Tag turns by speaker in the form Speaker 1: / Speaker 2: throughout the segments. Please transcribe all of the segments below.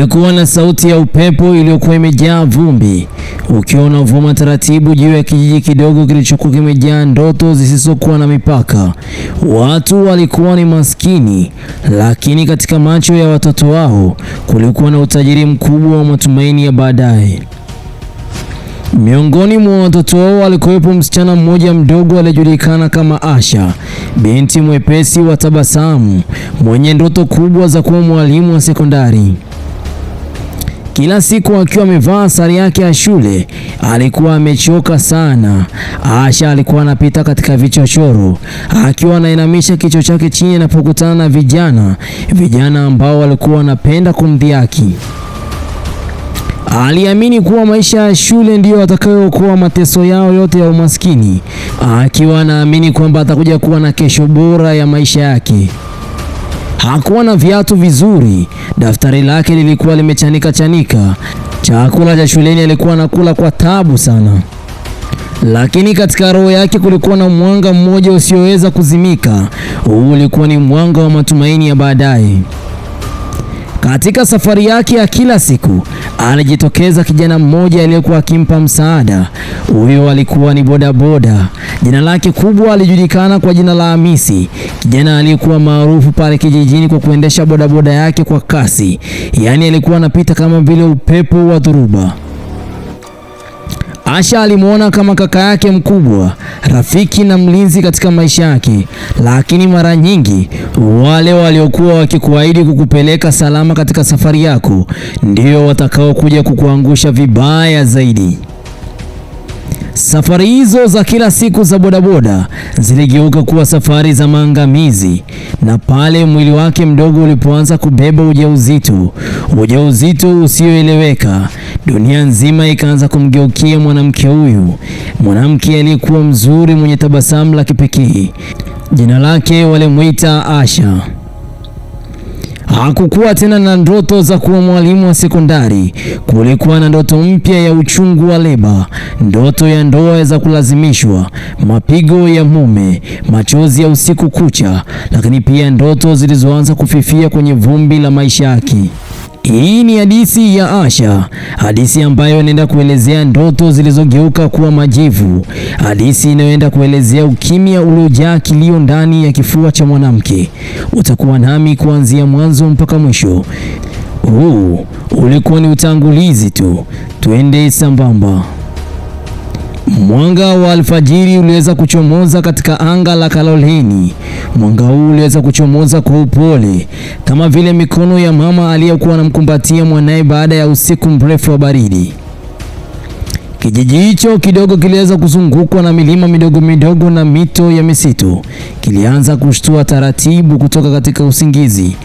Speaker 1: Kulikuwa na sauti ya upepo iliyokuwa imejaa vumbi ukiwa unavuma taratibu juu ya kijiji kidogo kilichokuwa kimejaa ndoto zisizokuwa na mipaka. Watu walikuwa ni maskini, lakini katika macho ya watoto wao kulikuwa na utajiri mkubwa wa matumaini ya baadaye. Miongoni mwa watoto wao alikuwepo msichana mmoja mdogo aliyejulikana kama Asha, binti mwepesi wa tabasamu, mwenye ndoto kubwa za kuwa mwalimu wa sekondari. Kila siku akiwa amevaa sare yake ya shule, alikuwa amechoka sana. Asha alikuwa anapita katika vichochoro akiwa anainamisha kichwa chake chini anapokutana na vijana, vijana ambao walikuwa wanapenda kumdhihaki. Aliamini kuwa maisha ya shule ndiyo atakayookoa mateso yao yote ya umaskini, akiwa anaamini kwamba atakuja kuwa na kesho bora ya maisha yake. Hakuwa na viatu vizuri, daftari lake lilikuwa limechanika chanika. Chakula cha shuleni alikuwa anakula kwa tabu sana, lakini katika roho yake kulikuwa na mwanga mmoja usioweza kuzimika. Huu ulikuwa ni mwanga wa matumaini ya baadaye. Katika safari yake ya kila siku alijitokeza kijana mmoja aliyekuwa akimpa msaada. Huyo alikuwa ni bodaboda, jina lake kubwa alijulikana kwa jina la Hamisi, kijana aliyekuwa maarufu pale kijijini kwa kuendesha bodaboda yake kwa kasi, yaani alikuwa anapita kama vile upepo wa dhuruba. Asha alimwona kama kaka yake mkubwa, rafiki na mlinzi katika maisha yake, lakini mara nyingi wale waliokuwa wakikuahidi kukupeleka salama katika safari yako ndio watakaokuja kukuangusha vibaya zaidi. Safari hizo za kila siku za bodaboda ziligeuka kuwa safari za maangamizi, na pale mwili wake mdogo ulipoanza kubeba ujauzito, ujauzito usioeleweka, Dunia nzima ikaanza kumgeukia mwanamke huyu, mwanamke aliyekuwa mzuri, mwenye tabasamu la kipekee. Jina lake walimwita Asha. Hakukuwa tena na ndoto za kuwa mwalimu wa sekondari. Kulikuwa na ndoto mpya ya uchungu wa leba, ndoto ya ndoa za kulazimishwa, mapigo ya mume, machozi ya usiku kucha, lakini pia ndoto zilizoanza kufifia kwenye vumbi la maisha yake. Hii ni hadithi ya Asha, hadithi ambayo inaenda kuelezea ndoto zilizogeuka kuwa majivu, hadithi inayoenda kuelezea ukimya uliojaa kilio ndani ya kifua cha mwanamke. Utakuwa nami kuanzia mwanzo mpaka mwisho. Huu ulikuwa ni utangulizi tu, twende sambamba. Mwanga wa alfajiri uliweza kuchomoza katika anga la Kaloleni. Mwanga huu uliweza kuchomoza kwa upole kama vile mikono ya mama aliyekuwa anamkumbatia mwanaye baada ya usiku mrefu wa baridi. Kijiji hicho kidogo kiliweza kuzungukwa na milima midogo midogo na mito ya misitu. Kilianza kushtua taratibu kutoka katika usingizi.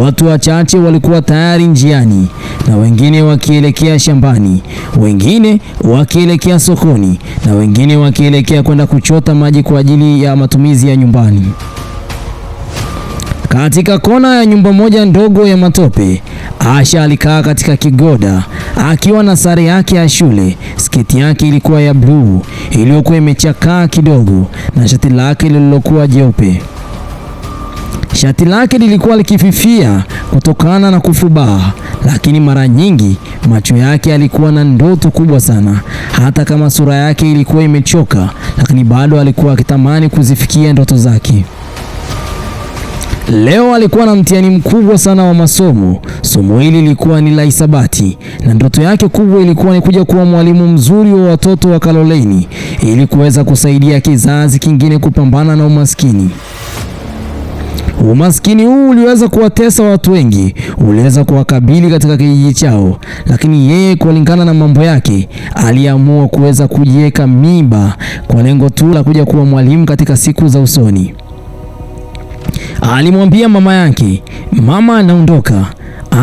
Speaker 1: Watu wachache walikuwa tayari njiani na wengine wakielekea shambani, wengine wakielekea sokoni na wengine wakielekea kwenda kuchota maji kwa ajili ya matumizi ya nyumbani. Katika kona ya nyumba moja ndogo ya matope, Asha alikaa katika kigoda akiwa na sare yake ya shule. Sketi yake ilikuwa ya bluu iliyokuwa imechakaa kidogo na shati lake lililokuwa jeupe. Shati lake lilikuwa likififia kutokana na kufubaa, lakini mara nyingi macho yake alikuwa na ndoto kubwa sana. Hata kama sura yake ilikuwa imechoka, lakini bado alikuwa akitamani kuzifikia ndoto zake. Leo alikuwa na mtihani mkubwa sana wa masomo. Somo hili lilikuwa ni la hisabati, na ndoto yake kubwa ilikuwa ni kuja kuwa mwalimu mzuri wa watoto wa Kaloleni ili kuweza kusaidia kizazi kingine kupambana na umaskini. Umaskini huu uliweza kuwatesa watu wengi, uliweza kuwakabili katika kijiji chao, lakini yeye kulingana na mambo yake aliamua kuweza kujiweka mimba kwa lengo tu la kuja kuwa mwalimu katika siku za usoni. Alimwambia mama yake, mama anaondoka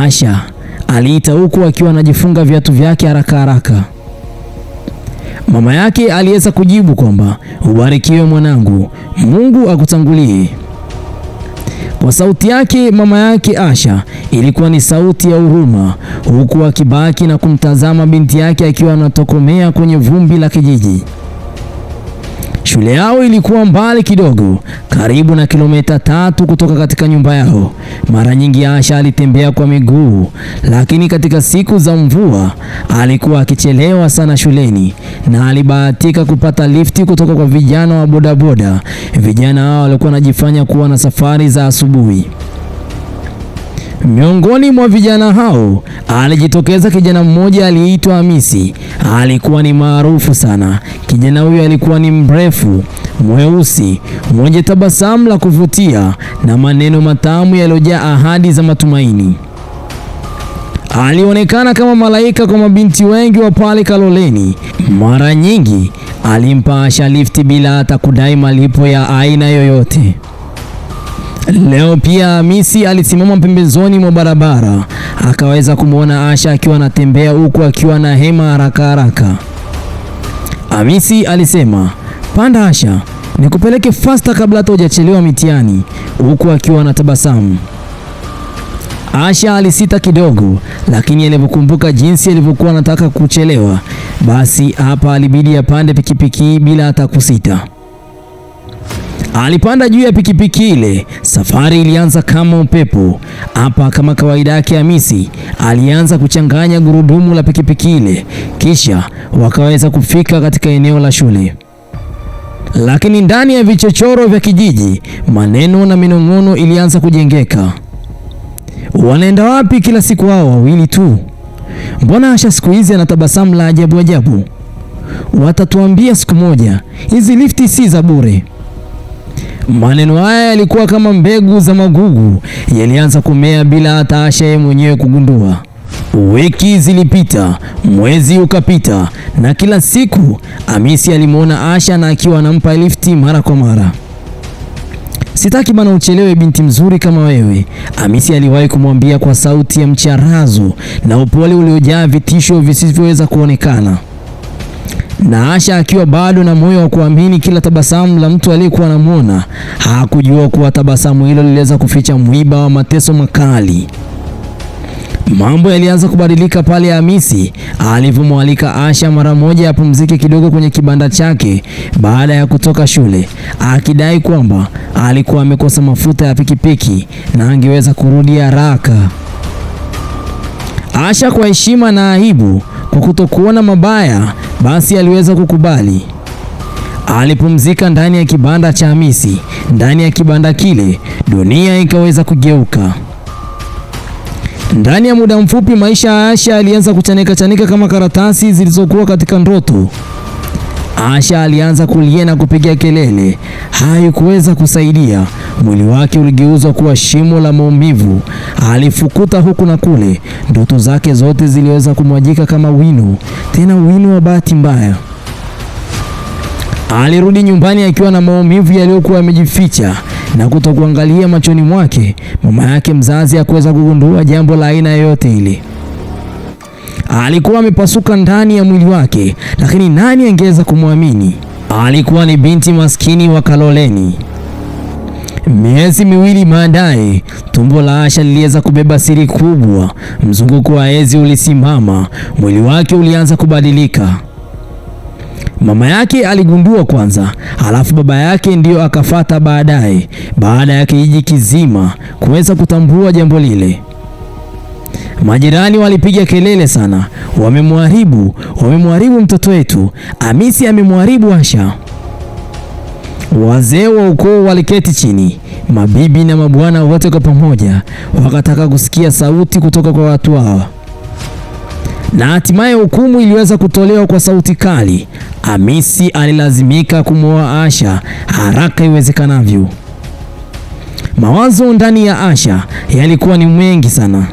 Speaker 1: Asha aliita huku akiwa anajifunga viatu vyake haraka haraka. Mama yake aliweza kujibu kwamba ubarikiwe mwanangu, Mungu akutangulie. Kwa sauti yake mama yake Asha ilikuwa ni sauti ya huruma, huku akibaki na kumtazama binti yake akiwa anatokomea kwenye vumbi la kijiji. Shule yao ilikuwa mbali kidogo, karibu na kilomita tatu kutoka katika nyumba yao. Mara nyingi Asha alitembea kwa miguu, lakini katika siku za mvua alikuwa akichelewa sana shuleni na alibahatika kupata lifti kutoka kwa vijana wa bodaboda. Vijana hao walikuwa wanajifanya kuwa na safari za asubuhi. Miongoni mwa vijana hao alijitokeza kijana mmoja aliyeitwa Hamisi. Alikuwa ni maarufu sana. Kijana huyo alikuwa ni mrefu, mweusi, mwenye tabasamu la kuvutia na maneno matamu yaliyojaa ahadi za matumaini. Alionekana kama malaika kwa mabinti wengi wa pale Kaloleni. Mara nyingi alimpasha lifti bila hata kudai malipo ya aina yoyote. Leo pia Hamisi alisimama pembezoni mwa barabara akaweza kumwona Asha akiwa anatembea huku akiwa na hema haraka haraka. Hamisi alisema, panda Asha, nikupeleke fasta kabla hata hujachelewa mitihani, huku akiwa anatabasamu. Asha alisita kidogo, lakini alivyokumbuka jinsi alivyokuwa anataka kuchelewa, basi hapa alibidi apande pikipiki bila hata kusita. Alipanda juu ya pikipiki ile. Safari ilianza kama upepo. Hapa kama kawaida yake Hamisi alianza kuchanganya gurudumu la pikipiki ile, kisha wakaweza kufika katika eneo la shule. Lakini ndani ya vichochoro vya kijiji, maneno na minong'ono ilianza kujengeka. Wanaenda wapi kila siku hao wawili tu? Mbona Asha siku hizi ana tabasamu la ajabu ajabu? Watatuambia siku moja, hizi lifti si za bure. Maneno haya yalikuwa kama mbegu za magugu, yalianza kumea bila hata Asha yeye mwenyewe kugundua. Wiki zilipita, mwezi ukapita, na kila siku Hamisi alimwona Asha na akiwa anampa lifti mara kwa mara. Sitaki bana uchelewe, binti mzuri kama wewe, Hamisi aliwahi kumwambia kwa sauti ya mcharazo na upole uliojaa vitisho visivyoweza kuonekana na Asha akiwa bado na moyo wa kuamini kila tabasamu la mtu aliyekuwa anamwona, hakujua kuwa tabasamu hilo liliweza kuficha mwiba wa mateso makali. Mambo yalianza kubadilika pale Hamisi alivyomwalika Asha mara moja apumzike kidogo kwenye kibanda chake baada ya kutoka shule, akidai kwamba alikuwa amekosa mafuta ya pikipiki na angeweza kurudi haraka. Asha kwa heshima na aibu kwa kutokuona mabaya, basi aliweza kukubali. Alipumzika ndani ya kibanda cha Hamisi. Ndani ya kibanda kile, dunia ikaweza kugeuka. Ndani ya muda mfupi, maisha ya Asha alianza kuchanika chanika kama karatasi zilizokuwa katika ndoto. Asha alianza kulia na kupiga kelele, haikuweza kusaidia. Mwili wake uligeuzwa kuwa shimo la maumivu. Alifukuta huku na kule, ndoto zake zote ziliweza kumwajika kama wino, tena wino wa bahati mbaya. Alirudi nyumbani akiwa na maumivu yaliyokuwa yamejificha na kutokuangalia machoni mwake. Mama yake mzazi hakuweza kugundua jambo la aina yoyote ile alikuwa amepasuka ndani ya mwili wake, lakini nani angeweza kumwamini? Alikuwa ni binti maskini wa Kaloleni. Miezi miwili baadaye, tumbo la Asha liliweza kubeba siri kubwa. Mzunguko wa hedhi ulisimama, mwili wake ulianza kubadilika. Mama yake aligundua kwanza, halafu baba yake ndiyo akafata baadaye, baada ya kijiji kizima kuweza kutambua jambo lile. Majirani walipiga kelele sana, wamemharibu, wamemharibu mtoto wetu, Hamisi amemharibu Asha. Wazee wa ukoo waliketi chini, mabibi na mabwana wote kwa pamoja wakataka kusikia sauti kutoka kwa watu hawa, na hatimaye hukumu iliweza kutolewa kwa sauti kali. Hamisi alilazimika kumwoa Asha haraka iwezekanavyo. Mawazo ndani ya Asha yalikuwa ni mengi sana.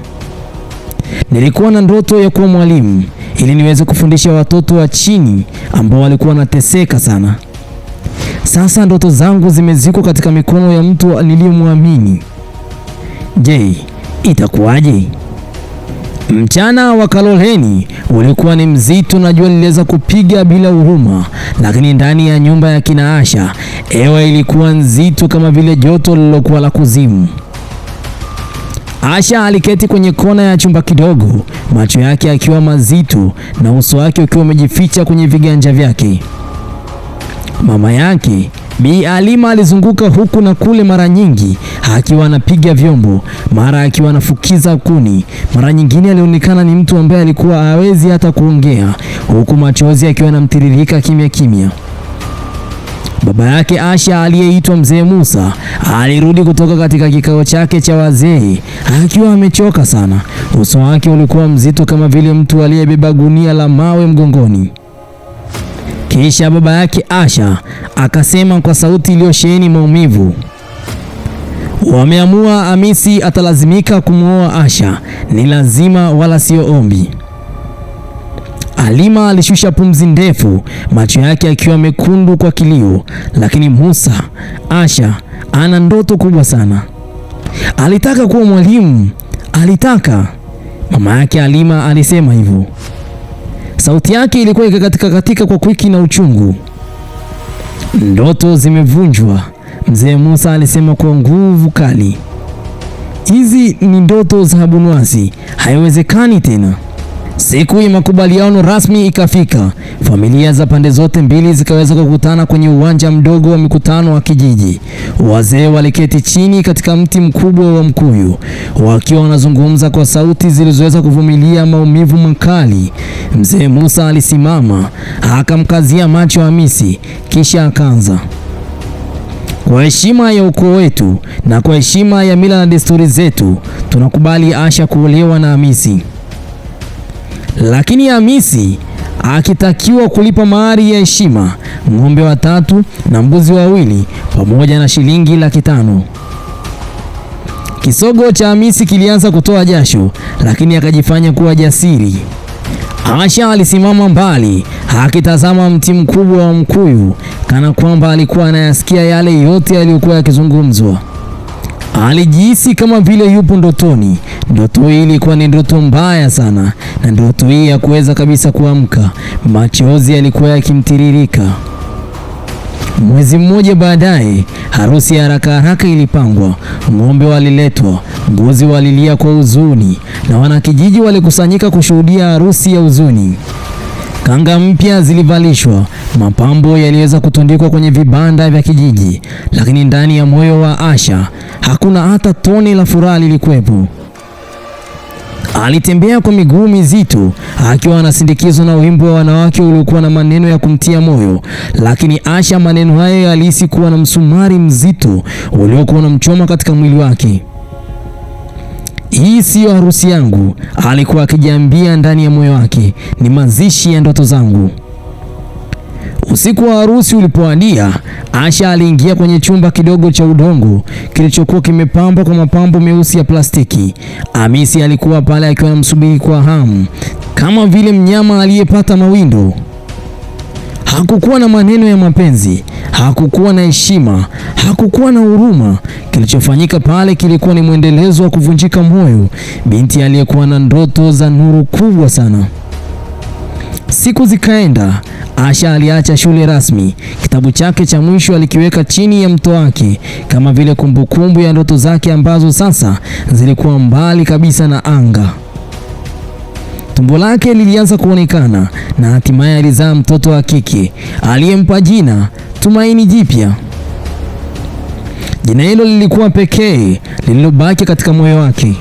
Speaker 1: Nilikuwa na ndoto ya kuwa mwalimu ili niweze kufundisha watoto wa chini ambao walikuwa wanateseka sana. Sasa ndoto zangu zimezikwa katika mikono ya mtu niliyemwamini. Je, itakuwaje? Mchana wa Kaloleni ulikuwa ni mzito na jua liliweza kupiga bila huruma, lakini ndani ya nyumba ya kina Asha hewa ilikuwa nzito kama vile joto lilokuwa la kuzimu. Asha aliketi kwenye kona ya chumba kidogo, macho yake akiwa mazito na uso wake ukiwa umejificha kwenye viganja vyake. Mama yake Bi Alima alizunguka huku na kule, mara nyingi akiwa anapiga vyombo, mara akiwa anafukiza kuni, mara nyingine alionekana ni mtu ambaye alikuwa hawezi hata kuongea, huku machozi akiwa yanamtiririka kimya kimya. Baba yake Asha aliyeitwa Mzee Musa alirudi kutoka katika kikao chake cha wazee akiwa amechoka sana. Uso wake ulikuwa mzito kama vile mtu aliyebeba gunia la mawe mgongoni. Kisha baba yake Asha akasema kwa sauti iliyosheheni maumivu, wameamua amisi atalazimika kumwoa Asha. Ni lazima, wala sio ombi. Halima alishusha pumzi ndefu, macho yake akiwa mekundu kwa kilio. Lakini Musa, Asha ana ndoto kubwa sana. Alitaka kuwa mwalimu, alitaka. Mama yake Halima alisema hivyo. Sauti yake ilikuwa ikakatika katika kwa kwiki na uchungu. Ndoto zimevunjwa, mzee Musa alisema kwa nguvu kali. Hizi ni ndoto za abunuwasi haiwezekani tena. Siku ya makubaliano rasmi ikafika, familia za pande zote mbili zikaweza kukutana kwenye uwanja mdogo wa mikutano wa kijiji. Wazee waliketi chini katika mti mkubwa wa mkuyu, wakiwa wanazungumza kwa sauti zilizoweza kuvumilia maumivu makali. Mzee Musa alisimama, akamkazia macho Hamisi, kisha akaanza kwa heshima ya ukoo wetu na kwa heshima ya mila na desturi zetu, tunakubali Asha kuolewa na Hamisi lakini Hamisi akitakiwa kulipa mahari ya heshima, ng'ombe watatu na mbuzi wawili pamoja na shilingi laki tano. Kisogo cha Hamisi kilianza kutoa jasho, lakini akajifanya kuwa jasiri. Asha alisimama mbali akitazama mti mkubwa wa mkuyu, kana kwamba alikuwa anayasikia yale yote yaliyokuwa yakizungumzwa. Alijihisi kama vile yupo ndotoni. Ndoto hii ilikuwa ni ndoto mbaya sana, na ndoto hii ya kuweza kabisa kuamka. Machozi yalikuwa yakimtiririka. Mwezi mmoja baadaye, harusi ya haraka haraka ilipangwa. Ng'ombe waliletwa, mbuzi walilia kwa huzuni, na wanakijiji walikusanyika kushuhudia harusi ya huzuni. Kanga mpya zilivalishwa, mapambo yaliweza kutundikwa kwenye vibanda vya kijiji, lakini ndani ya moyo wa Asha hakuna hata tone la furaha lilikuwepo. Alitembea kwa miguu mizito akiwa anasindikizwa na wimbo wa wanawake uliokuwa na maneno ya kumtia moyo, lakini Asha, maneno hayo yalihisi kuwa na msumari mzito uliokuwa unamchoma katika mwili wake. Hii siyo harusi yangu, alikuwa akijiambia ndani ya moyo wake. Ni mazishi ya ndoto zangu. Usiku wa harusi ulipoadia, Asha aliingia kwenye chumba kidogo cha udongo kilichokuwa kimepambwa kwa mapambo meusi ya plastiki. Hamisi alikuwa pale akiwa anamsubiri kwa hamu, kama vile mnyama aliyepata mawindo. Hakukuwa na maneno ya mapenzi, hakukuwa na heshima, hakukuwa na huruma. Kilichofanyika pale kilikuwa ni mwendelezo wa kuvunjika moyo, binti aliyekuwa na ndoto za nuru kubwa sana. Siku zikaenda. Asha aliacha shule rasmi. Kitabu chake cha mwisho alikiweka chini ya mto wake kama vile kumbukumbu ya ndoto zake ambazo sasa zilikuwa mbali kabisa na anga. Tumbo lake lilianza kuonekana na hatimaye alizaa mtoto wa kike aliyempa jina Tumaini Jipya. Jina hilo lilikuwa pekee lililobaki katika moyo wake.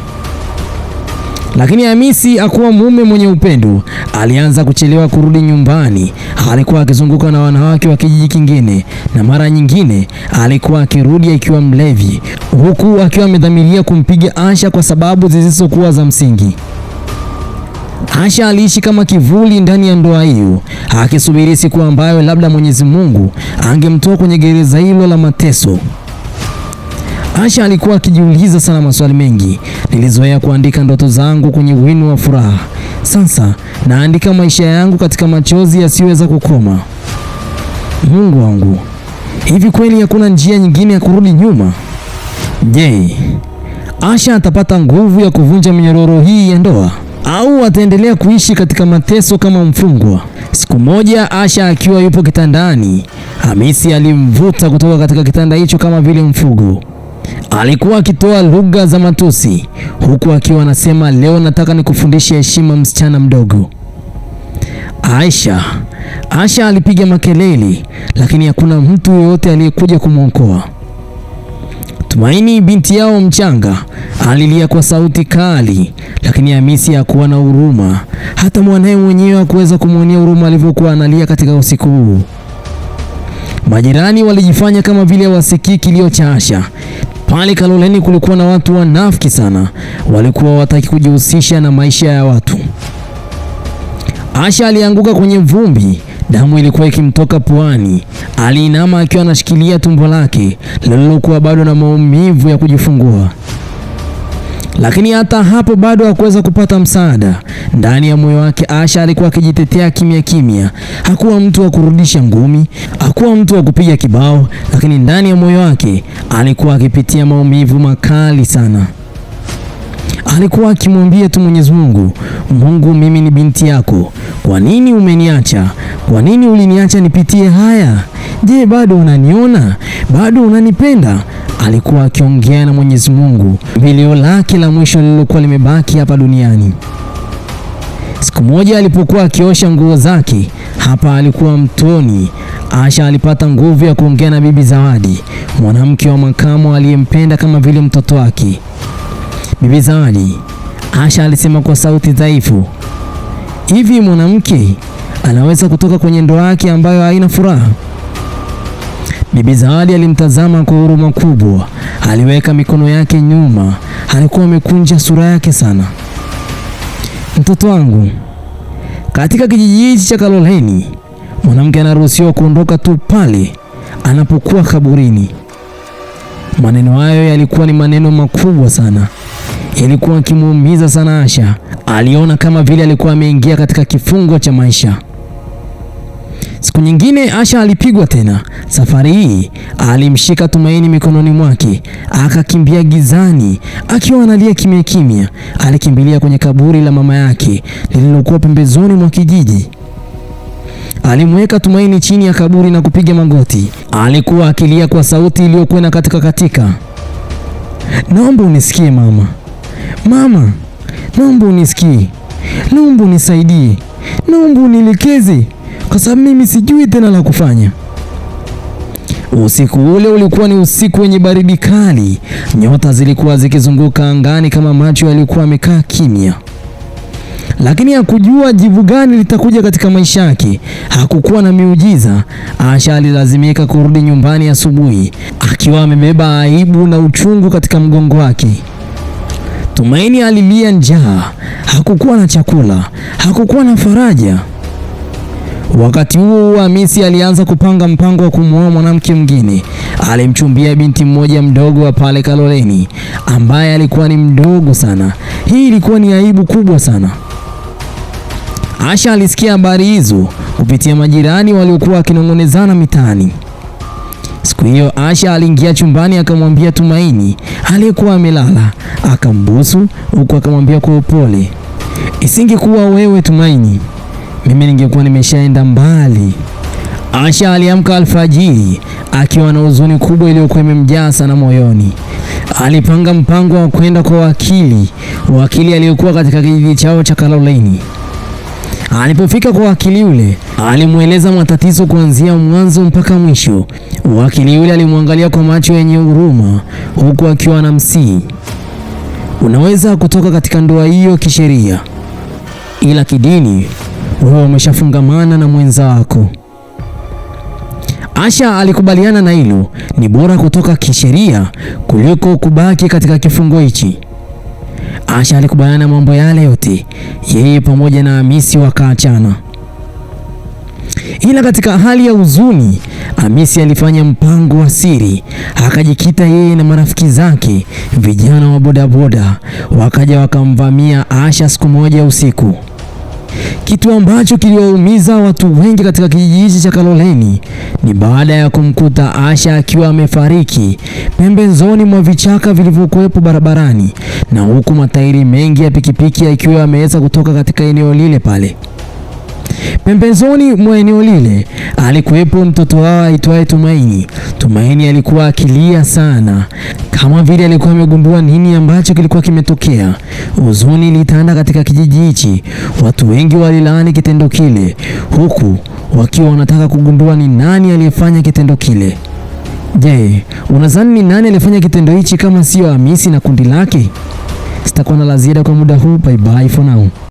Speaker 1: Lakini Hamisi hakuwa mume mwenye upendo. Alianza kuchelewa kurudi nyumbani, alikuwa akizunguka na wanawake wa kijiji kingine, na mara nyingine alikuwa akirudi akiwa mlevi, huku akiwa amedhamiria kumpiga Asha kwa sababu zisizokuwa za msingi. Asha aliishi kama kivuli ndani ya ndoa hiyo, akisubiri siku ambayo labda Mwenyezi Mungu angemtoa kwenye gereza hilo la mateso. Asha alikuwa akijiuliza sana maswali mengi. Nilizoea kuandika ndoto zangu kwenye wino wa furaha, sasa naandika maisha yangu katika machozi yasiyoweza kukoma. Mungu wangu, hivi kweli hakuna njia nyingine ya kurudi nyuma? Je, Asha atapata nguvu ya kuvunja minyororo hii ya ndoa? au ataendelea kuishi katika mateso kama mfungwa. Siku moja Asha akiwa yupo kitandani, Hamisi alimvuta kutoka katika kitanda hicho kama vile mfugo. Alikuwa akitoa lugha za matusi huku akiwa anasema, leo nataka nikufundishe heshima, msichana mdogo. Aisha Asha alipiga makelele, lakini hakuna mtu yeyote aliyekuja kumwokoa. Tumaini binti yao mchanga alilia kwa sauti kali, lakini Hamisi hakuwa na huruma. Hata mwanaye mwenyewe hakuweza kumwonea huruma alivyokuwa analia katika usiku huu. Majirani walijifanya kama vile wasikii kilio cha Asha. Pale Kaloleni kulikuwa na watu wanafiki sana, walikuwa wataki kujihusisha na maisha ya watu. Asha alianguka kwenye vumbi Damu ilikuwa ikimtoka puani. Aliinama akiwa anashikilia tumbo lake lililokuwa bado na maumivu ya kujifungua, lakini hata hapo bado hakuweza kupata msaada. Ndani ya moyo wake Asha alikuwa akijitetea kimya kimya. Hakuwa mtu wa kurudisha ngumi, hakuwa mtu wa kupiga kibao, lakini ndani ya moyo wake alikuwa akipitia maumivu makali sana alikuwa akimwambia tu Mwenyezi Mungu, Mungu, mimi ni binti yako, kwa nini umeniacha? Kwa nini uliniacha nipitie haya? Je, bado unaniona? Bado unanipenda? Alikuwa akiongea na Mwenyezi Mungu, vilio lake la mwisho lililokuwa limebaki hapa duniani. Siku moja alipokuwa akiosha nguo zake, hapa alikuwa mtoni, Asha alipata nguvu ya kuongea na Bibi Zawadi, mwanamke wa makamo aliyempenda kama vile mtoto wake. Bibi Zawadi. Asha alisema kwa sauti dhaifu. Hivi mwanamke anaweza kutoka kwenye ndoa yake ambayo haina furaha? Bibi Zawadi alimtazama kwa huruma kubwa, aliweka mikono yake nyuma, alikuwa amekunja sura yake sana. Mtoto wangu, katika kijiji hichi cha Kaloleni mwanamke anaruhusiwa kuondoka tu pale anapokuwa kaburini. Maneno hayo yalikuwa ni maneno makubwa sana ilikuwa akimuumiza sana Asha. Aliona kama vile alikuwa ameingia katika kifungo cha maisha. Siku nyingine Asha alipigwa tena. Safari hii alimshika Tumaini mikononi mwake, akakimbia gizani akiwa analia kimya kimya. Alikimbilia kwenye kaburi la mama yake lililokuwa pembezoni mwa kijiji. Alimweka Tumaini chini ya kaburi na kupiga magoti. Alikuwa akilia kwa sauti iliyokwenda katika katika, naomba unisikie mama Mama, naomba unisikie, naomba unisaidie, naomba unielekeze, kwa sababu mimi sijui tena la kufanya. Usiku ule ulikuwa ni usiku wenye baridi kali, nyota zilikuwa zikizunguka angani kama macho yalikuwa yamekaa kimya, lakini hakujua jibu gani litakuja katika maisha yake. Hakukuwa na miujiza. Asha alilazimika kurudi nyumbani asubuhi akiwa amebeba aibu na uchungu katika mgongo wake. Tumaini alilia njaa, hakukuwa na chakula, hakukuwa na faraja. Wakati huo huo, Hamisi alianza kupanga mpango wa kumwoa mwanamke mwingine. Alimchumbia binti mmoja mdogo wa pale Kaloleni ambaye alikuwa ni mdogo sana. Hii ilikuwa ni aibu kubwa sana. Asha alisikia habari hizo kupitia majirani waliokuwa wakinong'onezana mitaani. Siku hiyo Asha aliingia chumbani akamwambia Tumaini aliyekuwa amelala, akambusu huku akamwambia kwa upole, isingekuwa wewe Tumaini, mimi ningekuwa nimeshaenda mbali. Asha aliamka alfajiri akiwa na huzuni kubwa iliyokuwa imemjaa sana moyoni. Alipanga mpango wa kwenda kwa wakili, wakili aliyekuwa katika kijiji chao cha Kaloleni. Alipofika kwa wakili yule, alimweleza matatizo kuanzia mwanzo mpaka mwisho. Wakili yule alimwangalia kwa macho yenye huruma, huku akiwa anamsihi, unaweza kutoka katika ndoa hiyo kisheria, ila kidini wewe umeshafungamana na mwenza wako. Asha alikubaliana na hilo, ni bora kutoka kisheria kuliko kubaki katika kifungo hichi. Asha alikubaliana mambo yale yote, yeye pamoja na Hamisi wakaachana. Ila katika hali ya huzuni, Hamisi alifanya mpango wa siri, akajikita yeye na marafiki zake vijana wa bodaboda, wakaja wakamvamia Asha siku moja usiku. Kitu ambacho kiliwaumiza watu wengi katika kijiji hichi cha Kaloleni ni baada ya kumkuta Asha akiwa amefariki pembezoni mwa vichaka vilivyokuwepo barabarani na huku matairi mengi ya pikipiki yakiwa yameweza kutoka katika eneo lile pale. Pembezoni mwa eneo lile alikuwepo mtoto wao aitwaye Tumaini. Tumaini alikuwa akilia sana, kama vile alikuwa amegundua nini ambacho kilikuwa kimetokea. Huzuni ilitanda katika kijiji hichi, watu wengi walilaani kitendo kile, huku wakiwa wanataka kugundua ni nani aliyefanya kitendo kile. Je, unadhani ni nani aliyefanya kitendo hichi kama sio Hamisi na kundi lake? Sitakuwa na la ziada kwa muda huu. Bye bye for now.